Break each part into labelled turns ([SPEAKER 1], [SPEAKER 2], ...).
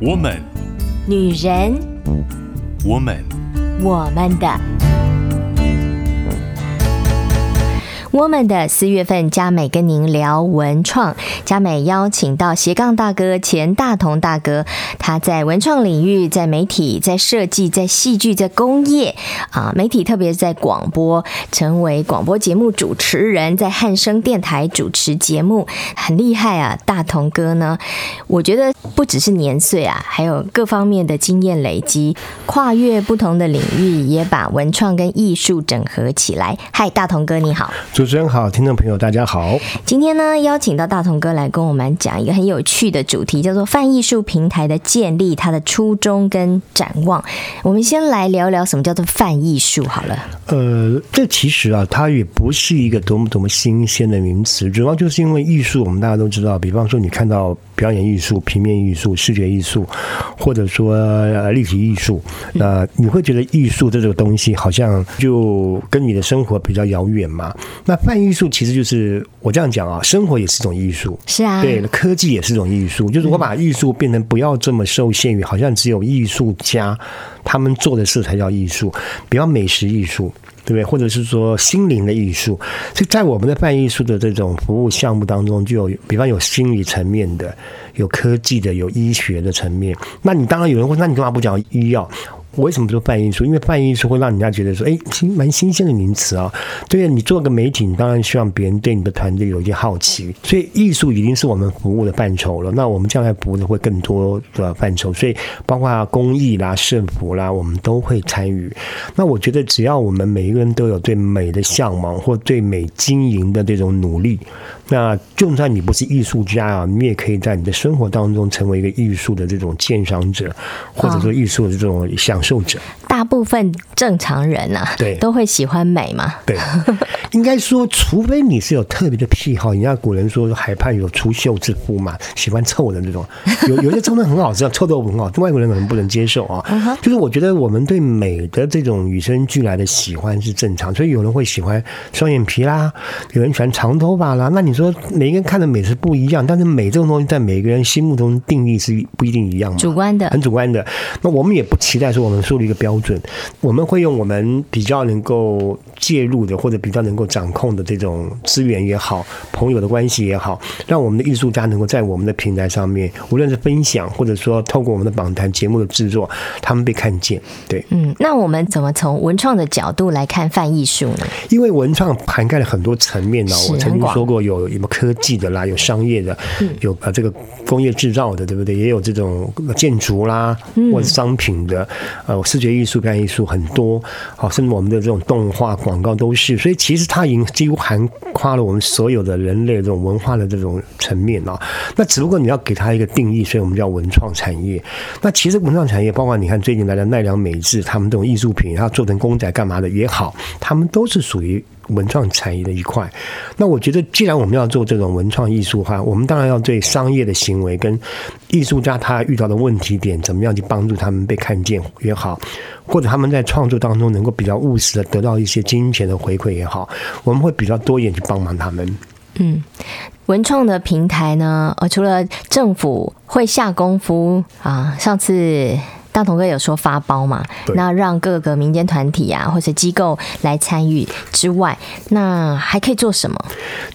[SPEAKER 1] 我們，
[SPEAKER 2] 女人，
[SPEAKER 1] 我們，
[SPEAKER 2] 我們的。我們的四月份，佳美跟您聊文創。佳美邀請到斜槓大哥錢大同大哥，他在文創領域，在媒體、在設計、在戲劇、在戲劇，在工業啊，媒體特別是在廣播，成為廣播節目主持人，在漢聲電台主持節目，很厲害啊！大同哥呢，我覺得不只是年歲啊，還有各方面的經驗累積，跨越不同的領域，也把文創跟藝術整合起來。嗨，大同哥，你好。主持人好，聽眾朋友大家好。今天呢，邀請到大同哥來跟我們講一個很有趣的主題，叫做泛藝術平台的建立，它的初衷跟展望。我們先來聊聊什麼叫做泛藝術，好了。
[SPEAKER 1] 呃，這其實啊，它也不是一個多麼多麼新鮮的名詞，主要就是因為藝術，我們大家都知道，比方說你看到表演藝術、平面藝術、視覺藝術，或者說立體藝術，那你會覺得藝術這種東西好像就跟你的生活比較遙遠嘛？那泛藝術其實就是我這樣講啊，生活也是一種藝術，是啊，對，科技也是一種藝術，就是我把藝術變成不要這麼受限於，嗯、好像只有藝術家他們做的事才叫藝術，比方美食藝術，對不對？或者是說心靈的藝術，就在我們的泛藝術的這種服務項目當中，就有比方有心理層面的，有科技的，有醫學的層面。那你當然有人問，那你幹嘛不講醫藥？為什麼說泛藝術？因為泛藝術會讓人家覺得說，哎，其實蠻新鮮的名詞啊。對啊，你做個媒體，你當然希望別人對你的團隊有一些好奇。所以藝術已經是我們服務的範疇了。那我們將來服務的會更多的範疇，所以包括公益啦、社服啦，我們都會參與。那我覺得，只要我們每一個人都有對美的向往或對美經營的這種努力，那就算你不是藝術家啊，你也可以在你的生活當中成為一個藝術的這種鑑賞者，或者說藝術的這種享受。重者，大部分正常人呢、啊、對，都會喜歡美嘛。對，應該說，除非你是有特別的癖好。你像 古人說，海畔有逐臭之夫嘛，喜歡臭的那種。有有些臭的很好吃，臭豆腐很好吃，外國人可能不能接受啊。 就是我覺得我們對美的這種與生俱來的喜歡是正常，所以有人會喜歡雙眼皮啦，有人喜歡長頭髮啦。那你說，每一個人看的美是不一樣，但是美這種東西在每個人心目中定義是不一定一樣的，主觀的，很主觀的。那我們也不期待說，我們樹立一個標準，我們會用我們比較能夠介入的，或者比較能夠掌控的這種資源也好，朋友的關係也好，讓我們的藝術家能夠在我們的平台上面，無論是分享，或者說透過我們的訪談節目的製作，他們被看見。對，嗯，
[SPEAKER 2] 那我們怎麼從文創的角度來看泛藝術呢？
[SPEAKER 1] 因為文創涵蓋了很多層面呢。我曾經說過，有有科技的啦，有商業的，有啊這個工業製造的，對不對？也有這種建築啦，嗯、或者商品的。呃，視覺藝術、概念藝術很多，好、啊，甚至我們的這種動畫、廣告都是，所以其實它已經幾乎涵蓋了我們所有的人類的這種文化的這種層面、啊、那只不過你要給它一個定義，所以我們叫文創產業。那其實文創產業包括你看最近來的奈良美智他們這種藝術品，然後做成公仔幹嘛的也好，他們都是屬於。文創產業的一塊，那我覺得，既然我們要做這種文創藝術哈，我們當然要對商業的行為跟藝術家他遇到的問題點，怎麼樣去幫助他們被看見也好，或者他們在創作當中能夠比較務實的得到一些金錢的回饋也好，我們會比較多一點去幫忙他們。
[SPEAKER 2] 嗯，文創的平台呢，呃、哦，除了政府會下功夫啊，上次。大同哥有說發包嘛？對那讓各個民間團體啊，或者機構來參與之外，那還可以做什麼？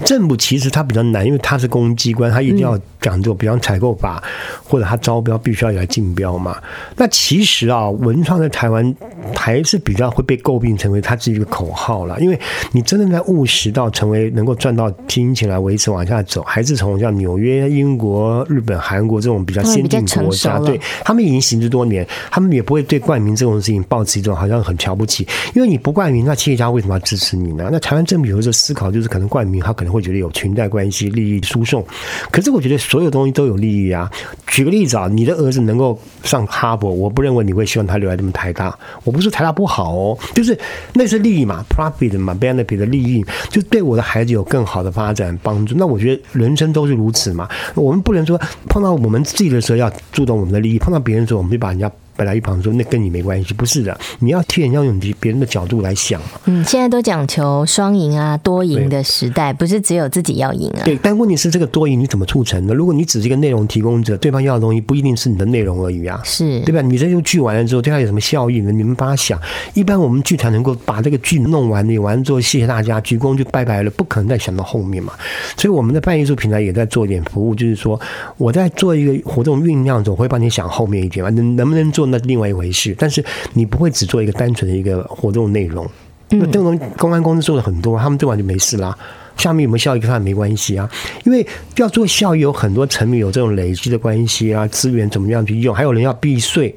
[SPEAKER 1] 政府其實它比較難，因為它是公機關，它一定要講究，比方採購法或者它招標，必須要來競標嘛。那其實啊，文創在台灣還是比較會被詬病，成為它是一個口號啦。因為你真的在務實到成為能夠賺到金錢來維持往下走，還是從像紐約、英國、日本、韓國這種比較先進國家，對，對他們已經行之多年。他們也不會對冠名這種事情抱持一種好像很瞧不起，因為你不冠名，那企業家為什麼要支持你呢？那台灣政府有時候思考就是可能冠名，他可能會覺得有裙帶關係、利益輸送。可是我覺得所有東西都有利益啊。舉個例子啊，你的兒子能夠上哈佛，我不認為你會希望他留在這麼台大。我不是說台大不好哦，就是那是利益嘛，profit 嘛，benefit 的利益就對我的孩子有更好的發展幫助。那我覺得人生都是如此嘛。我們不能說碰到我們自己的時候要注重我們的利益，碰到別人的時候我們就把人家。本來一旁說，那跟你沒關係，不是的，你要替人家用別別人的角度來想嘛。嗯，
[SPEAKER 2] 現在都講求雙贏啊，多贏的時代，對不是只有自己要贏
[SPEAKER 1] 啊。對，但問題是這個多贏你怎麼促成的？如果你只是這個內容提供者，對方要的東西不一定是你的內容而已啊，是對吧？你這用劇完了之後，對他有什麼效應呢？你們幫他想。一般我們劇團能夠把這個劇弄完演完之後，謝謝大家，鞠躬就拜拜了，不可能再想到後面嘛。所以我們的泛藝術平台也在做一點服務，就是說我在做一個活動醞釀總會幫你想後面一點能能不能做？做那另外一回事，但是你不會只做一個單純的一個活動內容。那這種公關公司做的很多，他們做完就沒事啦、啊。下面有沒有效益跟他們沒關係啊？因為要做效益，有很多層面，有這種累積的關係啊，資源怎麼樣去用，還有人要避稅，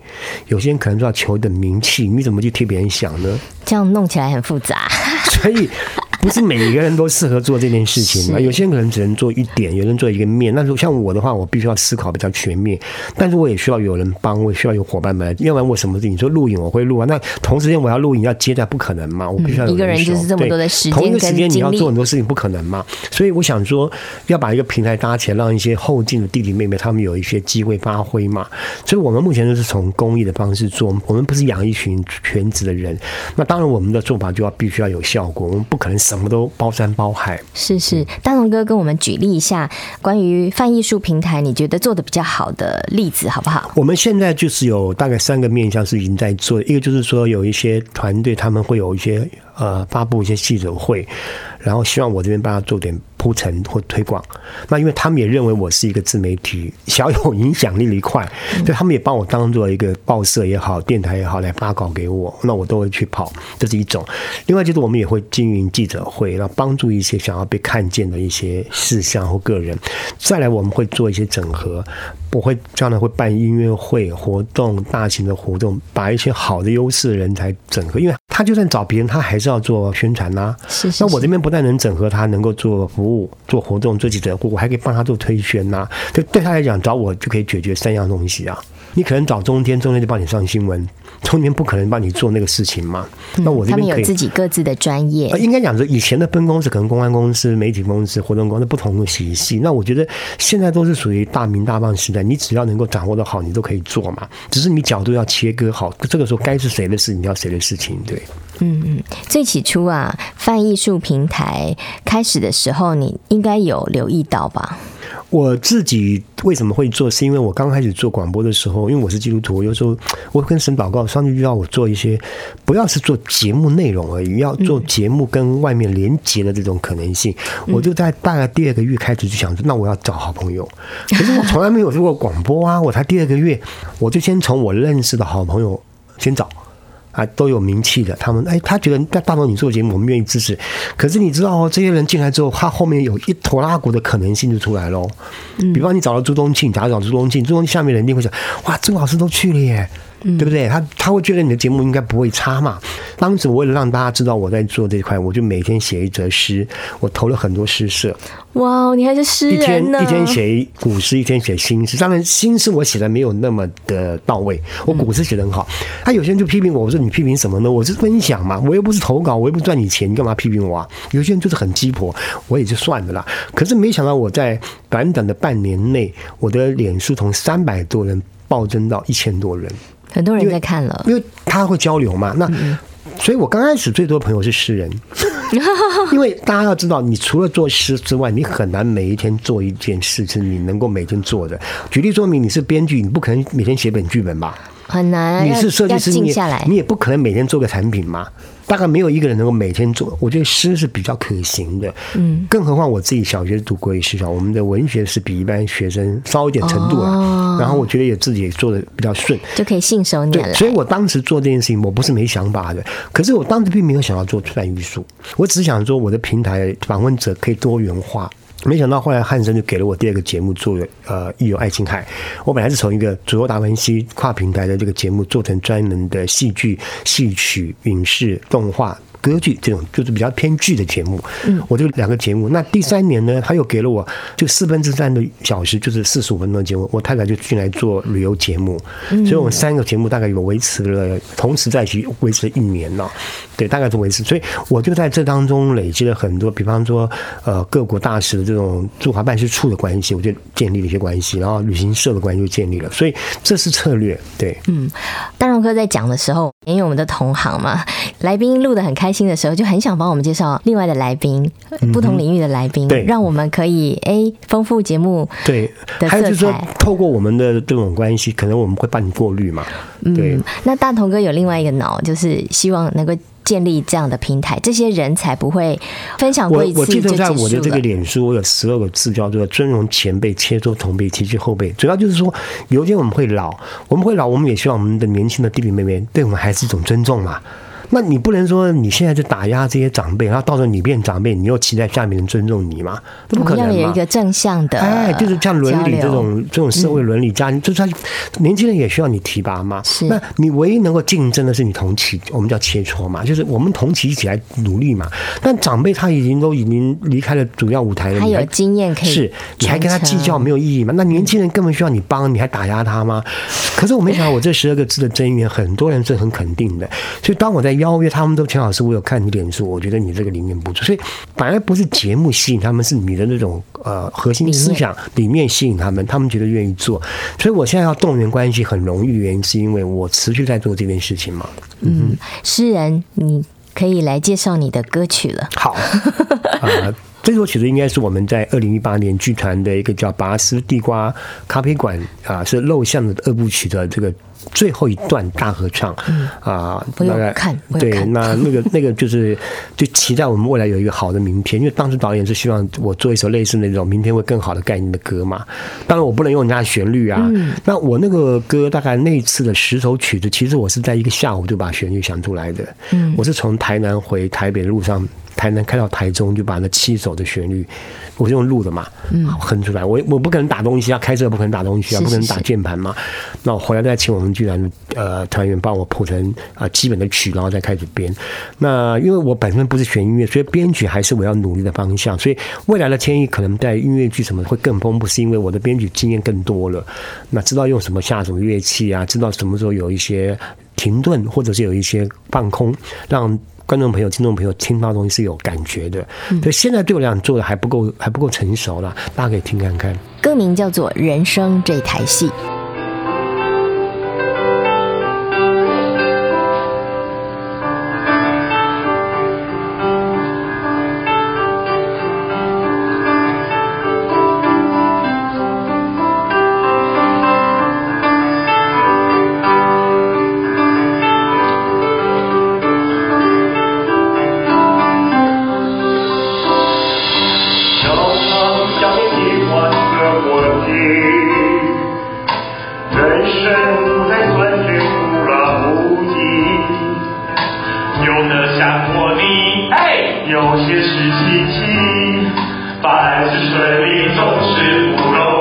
[SPEAKER 1] 有些人可能就要求一點名氣，你怎麼就替別人想呢？這樣弄起來很複雜， 所以。不是每一個人都適合做這件事情嘛，是有些人可能只能做一點，有人做一個面。但是像我的話，我必須要思考比較全面，但是我也需要有人幫，我需要有伙伴們，要不然我什麼事情。你說錄影我會錄啊，那同時間我要錄影要接待，不可能嘛？我必須要有、嗯、一個人就是這麼多的時間，同一個時間你要做很多事情，不可能嘛？所以我想說，要把一個平台搭起來，讓一些後進的弟弟妹妹他們有一些機會發揮嘛。所以，我們目前就是從公益的方式做，我們不是養一群全職的人。那當然，我們的做法就要必須要有效果，我們不可能。什麼都包山包海，是是，
[SPEAKER 2] 大龍哥跟我們舉例一下，嗯，關於泛藝術平台，你覺得做得比較好的
[SPEAKER 1] 例子好不好？我們現在就是有大概三個面向是已經在做，一個就是說有一些團隊他們會有一些。呃，發布一些記者會，然後希望我這邊幫他做點鋪陳或推廣。那因為他們也認為我是一個自媒體，小有影響力的一塊，嗯、所以他們也幫我當做一個報社也好、電台也好來發稿給我。那我都會去跑，這是一種。另外就是我們也會經營記者會，然後幫助一些想要被看見的一些事項或個人。再來，我們會做一些整合。我會將來會辦音樂會活動，大型的活動，把一些好的優勢的人才整合。因為他就算找別人，他還是要做宣傳吶、啊。是，是是。那我這邊不但能整合他，能夠做服務、做活動、做記者，我還可以幫他做推宣吶、啊。對，對他來講，找我就可以解決三樣東西啊。你可能找中天，中天就幫你上新聞，中天不可能幫你做那個事情嘛。嗯、那我這邊他們有自己各自的專業，應該講說以前的分公司可能公關公司、媒體公司、活動公司不同的體系。那我覺得現在都是屬於大名大棒時代，你只要能夠掌握得好，你都可以做嘛。只是你角度要切割好，這個時候該是誰的事，你要誰的事情對。
[SPEAKER 2] 嗯嗯，最起初啊，泛藝術平台開始的時候，你應
[SPEAKER 1] 該有留意到吧？我自己為什麼會做，是因為我剛開始做廣播的時候，因為我是基督徒，有時候我跟神禱告，上帝就要我做一些，不要是做節目內容而已，嗯、要做節目跟外面連接的這種可能性。嗯、我就在大概第二個月開始就想說，那我要找好朋友。可是我從來沒有做過廣播啊， 我才第二個月，我就先從我認識的好朋友先找。啊，都有名氣的，他們哎，他覺得，那大導你做節目，我們願意支持。可是你知道哦，這些人進來之後，他後面有一拖拉庫的可能性就出來咯。嗯，比方你找了朱冬慶，假如找朱冬慶，朱冬慶下面人一定會想，哇，朱老師都去了耶。對不對？他他會覺得你的節目應該不會差嘛。當時我為了讓大家知道我在做這一塊，我就每天寫一則詩，我投了很多詩社。
[SPEAKER 2] 哇，你還是詩社？一天一天寫
[SPEAKER 1] 古詩，一天寫新詩。當然，新詩我寫的沒有那麼的到位，我古詩寫得很好。他有些人就批評我，我說你批評什麼呢？我是分享嘛，我又不是投稿，我又不賺你錢，你幹嘛批評我啊？有些人就是很雞婆，我也就算了啦。可是沒想到，我在短短的半年內，我的臉書從三百多人暴增到一千多人。很多人在看了，因，因為他會交流嘛。那所以，我剛開始最多的朋友是詩人， 因為大家要知道，你除了作詩之外，你很難每一天做一件事情，你能夠每天做的。舉例說明，你是編劇，你不可能每天寫本劇本吧。
[SPEAKER 2] 很難。你是設計師，靜下來，你也
[SPEAKER 1] 你也不可能每天做個產品嘛。大概沒有一個人能夠每天做。我覺得詩是比較可行的。嗯，更何況我自己小學讀國語學校，我們的文學是比一般學生高一點程度了。哦、然後我覺得也自己也做的比較順，就可以信手拈來，對。所以我當時做這件事情，我不是沒想法的，可是我當時並沒有想要做出版藝術，我只想說我的平台訪問者可以多元化。沒想到後來漢聲就給了我第二個節目做的，呃，藝遊愛琴海。我本來是從一個左右達文西跨平台的這個節目做成專門的戲劇、戲曲、影視、動畫。歌劇這種就是比較偏劇的節目，嗯，我就兩個節目。那第三年呢，他又給了我就四分之三的小時，就是四十五分鐘的節目。我太太就進來做旅遊節目，嗯，所以我們三個節目大概有維持了，同時在一起維持了一年了，對，大概是維持。所以我就在這當中累積了很多，比方說，呃，各國大使的這種駐華辦事處的關係，我就建立了一些關係，然後旅行社的關係就建立了，所以這是策略。對，嗯，
[SPEAKER 2] 大龍哥在講的時候，因為我們的同行嘛。來賓錄得很開心的時候，就很想幫我們介紹另外的來賓，嗯、不同領域的來賓，對讓我們可以誒豐富節目的
[SPEAKER 1] 色彩對。還有就是說，透過我們的這種關係，可能我們會幫你過濾嘛。對嗯，
[SPEAKER 2] 那大同哥有另外一個腦，就是希望能夠建立這樣的平台，這些人才不會分享過一次就結束了。我我在我的這個臉
[SPEAKER 1] 書，我有十二個字叫做“尊榮前輩，切磋同輩，提攜後輩”，主要就是說，有一天我們會老，我們會老，我們也希望我們的年輕的弟弟妹妹對我們還是一種尊重嘛。那你不能說你現在就打壓這些長輩，然後到時候你變長輩，你又期待下面人尊重你嗎？不可能嘛。怎麼樣有一個
[SPEAKER 2] 正向的？哎，就是像倫理這種流這種社會
[SPEAKER 1] 倫理家庭，家、嗯、就是他年輕人也需要你提拔嘛。是那你唯一能夠競爭的是你同期，我們叫切磋嘛，就是我們同期一起來努力嘛。但長輩他已經都已經離開了主要舞台了，他有經驗可以。是，你還跟他計較沒有意義嘛。那年輕人根本需要你幫，嗯、你還打壓他嗎？可是我沒想到，我這十二個字的真言， 很多人是很肯定的。所以當我在。邀約他們都恰好是，我有看你臉書，我覺得你這個理念不錯，所以反而不是節目吸引他們，是你的那種呃核心思想裡面，裡面吸引他們，他們覺得願意做。所以我現在要動員關係很容易的原因，是因為我持續在做這件事情嘛。嗯，
[SPEAKER 2] 詩、嗯、人，你可以來介紹你的歌曲了。好。
[SPEAKER 1] 呃 這首曲子其實應該是我們在二零一八年劇團的一個叫“拔絲地瓜”咖啡館啊，是《肉巷》的二部曲的這個最後一段大合唱啊，嗯。不用看，用看對， 那那個那個就是就期待我們未來有一個好的明天，因為當時導演是希望我做一首類似那種明天會更好的概念的歌嘛。當然，我不能用人家的旋律啊。嗯、那我那個歌大概那一次的十首曲子，其實我是在一個下午就把旋律想出來的。嗯，我是從台南回台北路上。台南開到台中，就把那七首的旋律，我是用錄的嘛，嗯、哼出來。我我不可能打東西啊，開車不可能打東西啊，是是是不可能打鍵盤嘛。那我回來再請我們劇團呃團員幫我譜成啊、呃、基本的曲，然後再開始編。那因為我本身不是學音樂，所以編曲還是我要努力的方向。所以未來的天意可能帶音樂劇什麼會更豐富，是因為我的編曲經驗更多了，那知道用什麼下什麼樂器啊，知道什麼時候有一些停頓，或者是有一些放空，讓。觀眾朋友、聽眾朋友，聽到的東西是有感覺的，嗯，所以現在對我來講做的還不夠，還不夠成熟了。大家可以聽看看，
[SPEAKER 2] 歌名叫做《人生這台戲》。
[SPEAKER 1] 人生不再單純，不勞無益。有的像茉莉，Hey! 有些是奇蹟。百次順利總是不容易。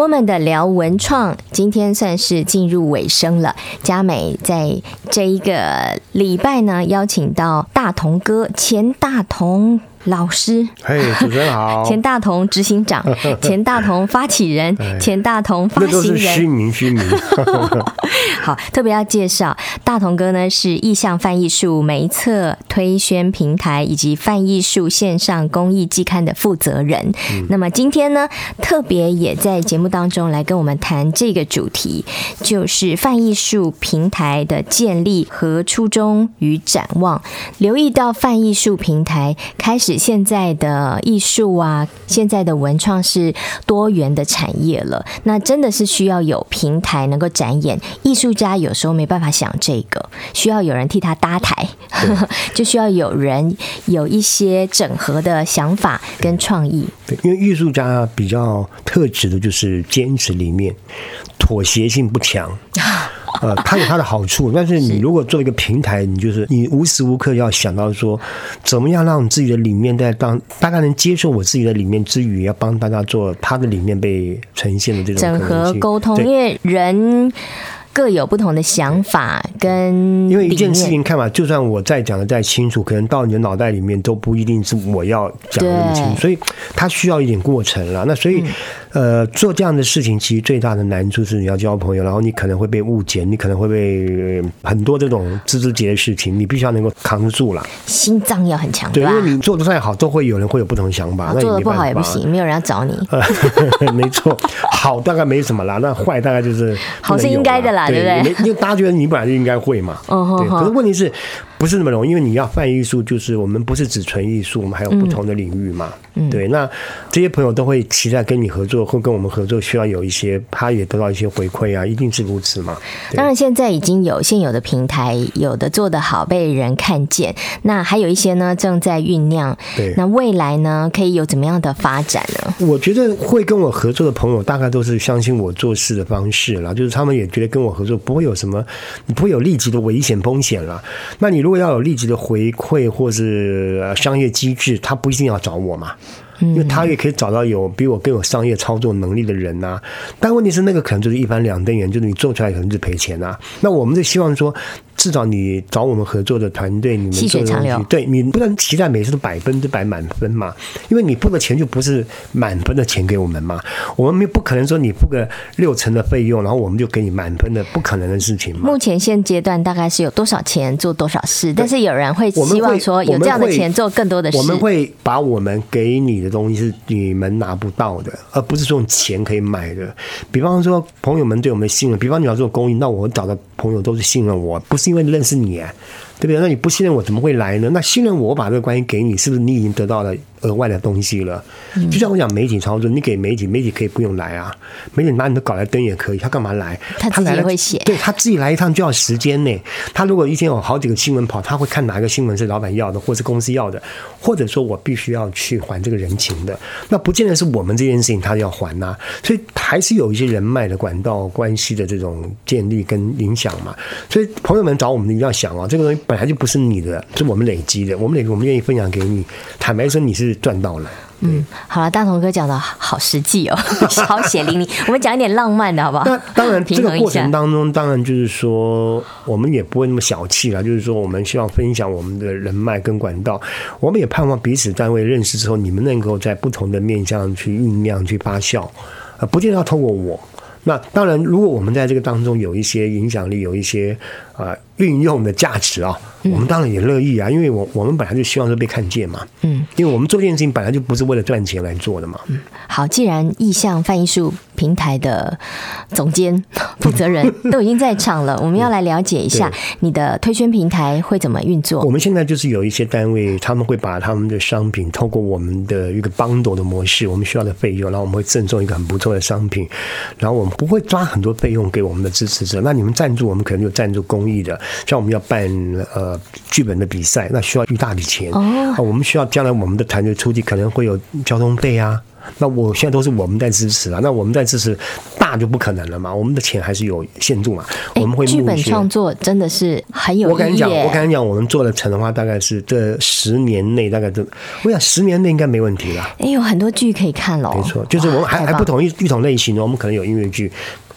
[SPEAKER 2] 我們的聊文創今天算是進入尾聲了。佳美在這一個禮拜呢，邀請到大同哥錢大同。老師，嘿，hey, 主
[SPEAKER 1] 持人好。錢大
[SPEAKER 2] 同執行長，錢大同發起人，錢 對大同發行人，就是虛名
[SPEAKER 1] 虛名。
[SPEAKER 2] 好，特別要介紹大同哥呢，是藝象泛藝術媒策推宣平台以及泛藝術線上公益期刊的負責人。嗯、那麼今天呢，特別也在節目當中來跟我們談這個主題，就是泛藝術平台的建立和初衷與展望。留意到泛藝術平台開始。現在的藝術啊，現在的文創是多元的產業了。那真的是需要有平台能夠展演，藝術家有時候沒辦法想這個，需要有人替他搭台，對 就需要有人有一些整合的想法跟創意。
[SPEAKER 1] 對，因為藝術家比較特質的就是堅持，裡面妥協性不強。呃，它有它的好處，但是你如果做一個平台，是你就是你無時無刻要想到說，怎麼樣讓你自己的理念在當大家能接受我自己的理念之餘，要幫大家做他的理念被呈現的這種整合溝通。對因為
[SPEAKER 2] 人各有不同的想法跟因為一件事情
[SPEAKER 1] 看嘛，就算我再講的再清楚，可能到你的腦袋裡面都不一定是我要講的那麼清楚，對所以它需要一點過程了。那所以、嗯。呃，做這樣的事情，其實最大的難處是你要交朋友，然後你可能會被誤解，你可能會被很多這種枝枝節的事情，你必須要能夠扛住了。
[SPEAKER 2] 心臟要很強。對，對吧因
[SPEAKER 1] 為你做的再好，都會有人會有不同想法。做的不好也不行，
[SPEAKER 2] 沒有人要找你。呃、呵呵
[SPEAKER 1] 沒錯，好， 好大概沒什麼啦，那壞大概就是。好是應該的啦，對不對？對吧因為大家覺得你本來就應該會嘛。 oh, oh, oh. 對，可是問題是。不是那麼容易，因為你要泛藝術，就是我們不是只純藝術，我們還有不同的領域嘛。嗯、對，那這些朋友都會期待跟你合作，或跟我們合作，需要有一些，他也得到一些回饋啊，一定是如此嘛。當然，現在已經有現有的平台，
[SPEAKER 2] 有的做得好，被人看見，那還有一些呢，正在醞釀。對，那未來呢，可以有怎麼樣的發展呢？
[SPEAKER 1] 我覺得會跟我合作的朋友，大概都是相信我做事的方式啦，就是他們也覺得跟我合作不會有什麼，你不會有立即的危險風險了。那你如如果要有立即的回饋，或是商業機制，他不一定要找我嘛，因為他也可以找到有比我更有商業操作能力的人吶、啊。但問題是，那個可能就是一翻兩瞪眼，就是你做出來可能就賠錢吶、啊。那我們就希望說。至少你找我們合作的團隊，你們做的，對，你不能期待每次都百分之百滿分嘛？因為你付的錢就不是滿分的錢給我們嘛，我們不可能說你付個六成的費用，然後我們就給你滿分的，不可能的事情嘛。
[SPEAKER 2] 目前現階段大概是有多少錢做多少事，對但是有人會希望說有這樣的錢做更多的事。我我們會
[SPEAKER 1] 把我們給你的東西是你們拿不到的，而不是用錢可以買的。比方說，朋友們對我們信任，比方你要做公益，那我找的朋友都是信任我，不是。因為認識你啊。對不對？那你不信任我怎麼會來呢？那信任我，我把這個關係給你，是不是你已經得到了額外的東西了？就像我講媒體操作，你給媒體，媒體可以不用來啊。媒體拿你的稿來登也可以，他幹嘛來？他，來來他自己會寫。對他自己來一趟就要時間呢、欸。他如果一天有好幾個新聞跑，他會看哪一個新聞是老板要的，或是公司要的，或者說我必須要去還這個人情的，那不見得是我們這件事情他要還吶、啊。所以還是有一些人脈的管道關係的這種建立跟影響嘛。所以朋友們找我們一定要想啊、哦，這個東西。本來就不是你的，是我們累積的。我們累，我們願意分享給你。坦白說，你是賺到了。嗯，
[SPEAKER 2] 好了、啊，大同哥講的好實際哦，好血淋淋。 我們講一點浪漫的好不好？那當然，這個過程
[SPEAKER 1] 當中，當然就是說，我們也不會那麼小氣了。就是說，我們希望分享我們的人脈跟管道，我們也盼望彼此單位認識之後，你們能夠在不同的面向去醞釀、去發酵，啊，不見得要透過我。那當然，如果我們在這個當中有一些影響力，有一些。啊，運、呃、用的價值啊、哦，我們當然也樂意啊，嗯、因為我我們本來就希望說被看見嘛，嗯，因為我們做這件事情本來就不是為了賺錢來做的嘛。
[SPEAKER 2] 好，既然藝象泛藝術平台的總監負責、責人都已經在場了， 我們要來了解一下你的推宣平台會怎麼運作。
[SPEAKER 1] 我們現在就是有一些單位，他們會把他們的商品透過我們的一個 bundle 的模式，我們需要的費用，然後我們會贈送一個很不錯的商品，然後我們不會抓很多費用給我們的支持者。那你們贊助，我們可能就贊助公。的，像我們要辦呃劇本的比賽，那需要一大筆錢哦，啊。我們需要將來我們的團隊出去，可能會有交通費啊。那我現在都是我們在支持啊。那我們在支持大就不可能了嘛，我們的錢還是有限度嘛。誒我們會劇本創
[SPEAKER 2] 作真的是很有。我跟你講，我跟
[SPEAKER 1] 你講，我們做的成的話，大概是這十年內大概都，我想十年內應該沒問題了。哎，有很多劇可以看了。沒錯，就是我們還還不同意劇種類型的，我們可能有音樂劇。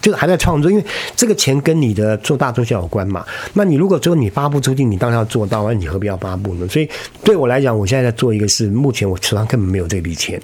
[SPEAKER 1] 就還在創作，因為這個錢跟你的做大做小有關嘛。那你如果說你發佈出去，你當然要做到啊，你何必要發佈呢？所以對我來講，我現在在做一個事，目前我手上根本沒有這筆錢，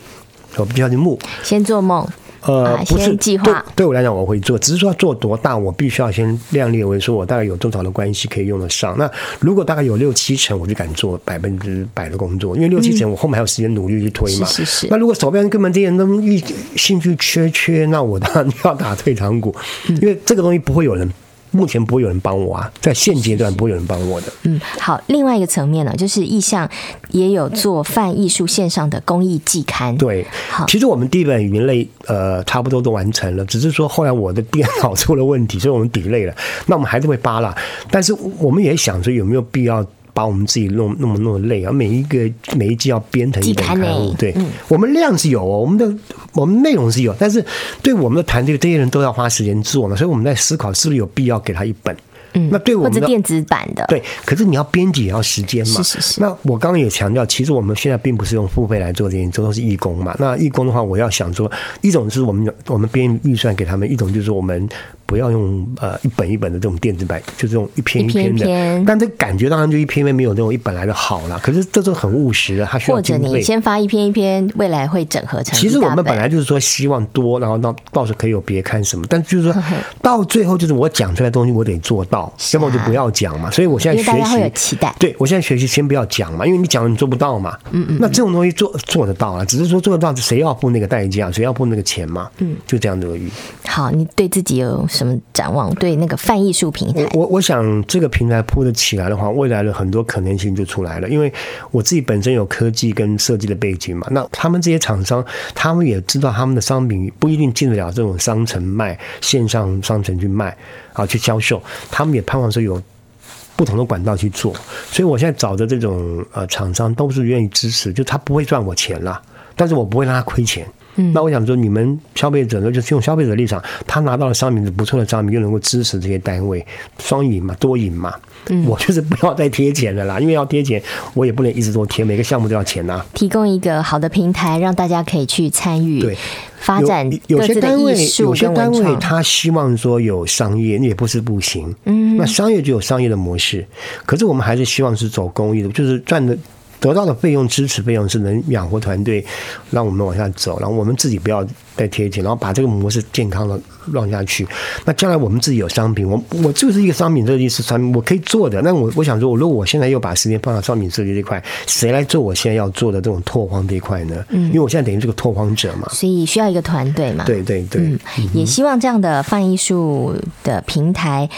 [SPEAKER 1] 我不較你木先做夢。呃，不是，先計劃。對對，我來講我會做，只是說要做多大，我必須要先量力而為說，說我大概有多少的關係可以用得上。那如果大概有六七成，我就敢做百分之百的工作，因為六七成我後面還有時間努力去推嘛。嗯、是是是。那如果手邊根本這些人都一興趣缺缺，那我當然要打退堂鼓，嗯、因為這個東西不會有人。目前不會有人幫我啊，在現階段不會有人幫我的。嗯，
[SPEAKER 2] 好，另外一個層面呢，就是藝象也有做泛藝術線上的
[SPEAKER 1] 公益季刊。對，好，其實我們第一本語音類呃差不多都完成了，只是說後來我的電腦出了問題，所以我們 delay 了。那我們還是會扒拉，但是我們也想說有沒有必要，把我們自己弄那麼那麼累啊！每一個每一季要編成一本刊物呢？對，嗯、我們量是有、哦，我們的我們內容是有，但是對我們的團隊這些人都要花時間做嘛，所以我們在思考是不是有必要給他一本，嗯，那對我們或者電子版的，對，可是你要編輯也要時間嘛，是是是。那我剛剛也強調，其實我們現在並不是用付費來做這些，這都是義工嘛。那義工的話，我要想說，一種是我們我們編預算給他們，一種就是我們。不要用呃一本一本的這種電子版，就這種一篇一篇的，一篇一篇，但這感覺當然就一篇一篇沒有那種一本來的好了。可是這種很務實，它需要準備，或者你先
[SPEAKER 2] 發一篇一篇，未來會整合成本。其實我們本來
[SPEAKER 1] 就是說希望多，然後到到時候可以有別看什麼，但是就是說到最後就是我講出來的東西我得做到，啊、要麼我就不要講嘛。所以我現在學習，因為大家會有期待。對，我現在學習先不要講嘛，因為你講了你做不到嘛。嗯，嗯嗯。那這種東西做做得到啊，只是說做得到誰要付那個代價，誰要付那個錢嘛。嗯，就這樣子而已。好，你對自己有，怎麼展望對那個泛藝術平台？我我想這個平台鋪得起來的話，未來的很多可能性就出來了。因為我自己本身有科技跟設計的背景嘛，那他們這些廠商，他們也知道他們的商品不一定進得了這種商城賣，線上商城去賣，啊，去銷售，他們也盼望說有不同的管道去做。所以我現在找的這種呃廠商都是願意支持，就他不會賺我錢啦，但是我不會讓他虧錢。那我想說，你們消費者呢，就是用消費者的立場，他拿到了商品是不錯的商品，又能夠支持這些單位，雙贏嘛，多贏嘛。嗯，我就是不要再貼錢了啦，因為要貼錢，我也不能一直做貼，每個項目都要錢吶，
[SPEAKER 2] 啊。提供一個好的平台，讓大家可以去參與，對，發展。有些單位，的有些單位他
[SPEAKER 1] 希望說有商業，那也不是不行。嗯，那商業就有商業的模式，可是我們還是希望是走公益的，就是賺的。得到的費用支持，費用是能養活團隊，讓我們往下走，然後我們自己不要。再貼緊，然後把這個模式健康的亂下去。那將來我們自己有商品，我我就是一個商品設計師，我可以做的。那我我想說，我如果我現在又把時間放到商品設計這一塊，誰來做我現在要做的這種拓荒這一塊呢？嗯，因為我現在等於這個拓荒者嘛，所以需要一個團隊嘛。對對對，嗯嗯、哼也希望這樣
[SPEAKER 2] 的泛藝術的平台，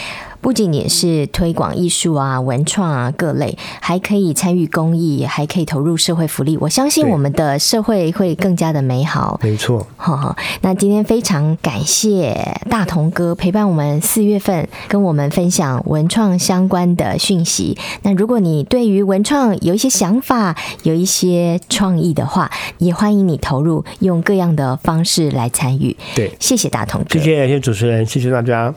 [SPEAKER 2] 不僅僅是推廣藝術啊、文創啊各類，還可以參與公益，還可以投入社會福利。我相信我們的社會會更加的美好。沒錯，好好。那今天非常感謝大同哥陪伴我們四月份跟我們分享文創相關的訊息。那如果你對於文創有一些想法、有一些創意的話，也歡迎你投入，用各樣的方式來參與。對，謝謝大同哥，謝
[SPEAKER 1] 謝主持人，謝謝大家。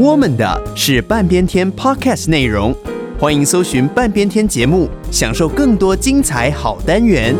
[SPEAKER 1] 我們的是半邊天 Podcast 內容，歡迎搜尋“半邊天”節目，享受更多精彩好單元。